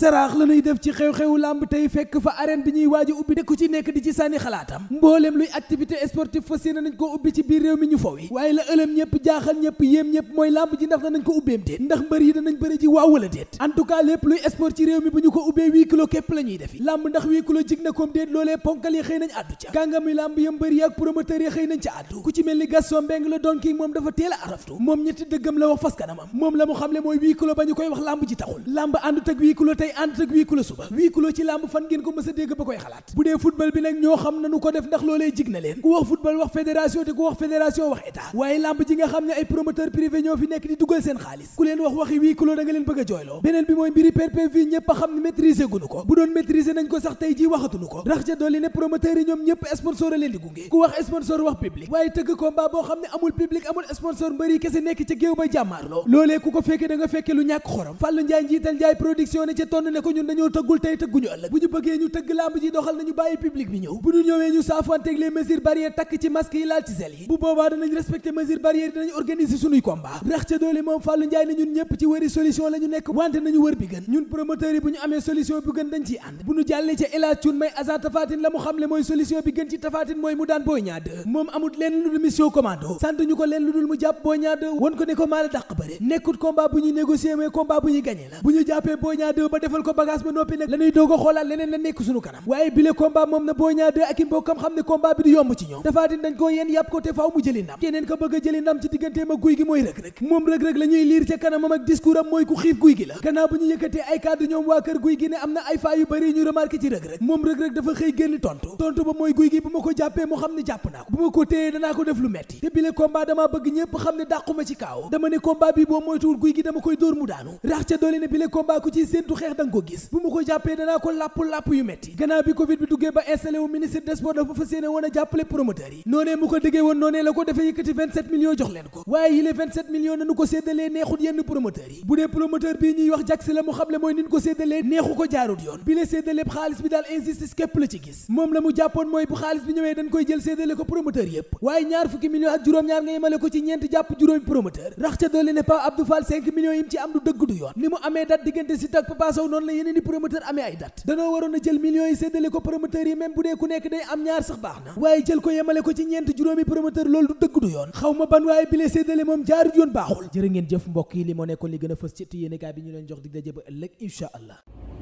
saraax la ñuy def ci xew-xewu làmb tey fekk fa arène bi ñuy waaj ubbi te ku ci nekk di ci sànni xalaatam mbooleem luy activité sportive fas yéene nañ ko ubbi ci biir réew mi ñu fowi waaye la ëlëm ñëpp jaaxal ñëpp yéem ñëpp mooy làmb ji ndax danañ ko ubbeem déet ndax mbër yi danañ bëri ji waaw déet en lépp luy sport ci réew mi bu ñu ko ubbee huis clos képp la ñuy defi làmb ndax huis clos jig na koom déet loolee ponkal yi xëy nañ àddu ca a araftu day ànd ak huis clos suba huis clos ci làmb fan ngeen ko mës dégg ba koy xalaat bu dee football bi nag ñoo xam nañu ko def ndax loolee jig na leen ku wax football wax fédération te ku wax fédération wax état waaye làmb ji nga xam ne ay promoteur privé ñoo fi nekk di dugal seen xaalis ku leen wax waxi huis clos da nga leen bëgg jooyloo beneen bi mooy mbiri PPV ñëpp a xam ne maîtriser gunu ko bu doon maîtriser nañ ko sax tey ji waxatuñu ko rax ca sonn ne ko ñun dañoo tëggul tey tëgguñu ëllëg bu ñu bëggee ñu tëgg làmb ji doxal nañu bàyyi public bi ñëw bu ñu ñëwee ñu saafanteeg les mesures barrières takk ci masque yi laal ci sel yi bu boobaa danañ respecté mesures barrières yi danañ organiser suñuy combat rax ca doole moom Fallou Ndiaye ne ñun ci wëri solution la nekk wante nañu wër bi gën ñun promoteurs yi bu ñu amee solution bi gën dañ ciy ànd bu ñu jàllee ca El Hadj may agent Tafatine la mu defal ko bagage ba noppi nag la a xoolaat leneen la nekk suñu kanam waaye bile combat moom na Boy Niang 2 ak i mbokkam xam ne combat a jëli ndam ci digganteem ak am mooy ku xiif guy ne am na ay faa yu dafa xëy génn tontu tontu ba mooy guy gi bu ma ko jàppee mu xam ne jàpp naa ko bu ma ko téyee danaa ko def lu metti te bile combat dama bëgg ñépp xam ne dàquma ci kaaw dama ne combat bi boo moytuwul guy gi dama koy dóor mu daanu rax ca doole ne bile combat ku ciy séentu xeex danga ko gis bu ma ko jàppee danaa ko làpp-làpp yu metti gannaaw bi covid bi duggee ba installé ministre des dafa fas yéene woon a jàppale promoteurs yi noonee mu ko déggee woon noonee la ko defee yëkkati 27 jox leen ko waaye yi les nanu ko séddalee neexut yenn promoteurs yi bu dee promoteur bii ñuy wax jaksi la mu xamle mooy nin ko séddalee neexu ko jaarut yoon bi la séddaleeb xaalis bi daal injustice képp la ci gis moom la mu noonu la yeneen i promoteur amee ay date danoo waroon a jël millions yi séddale ko promoteurs yi même bu dee ku nekk day am ñaar sax baax na waaye jël ko yemale ko ci ñeent juróomi promoteur loolu du dëgg du yoon xaw ma ban waaye bile séddale moom jaarut yoon baaxul jërë ngeen jëf mbokk yi li moo nekkoon li gën a fës ci yéene kaay bi ñu leen jox dig daje ëllëg incha allah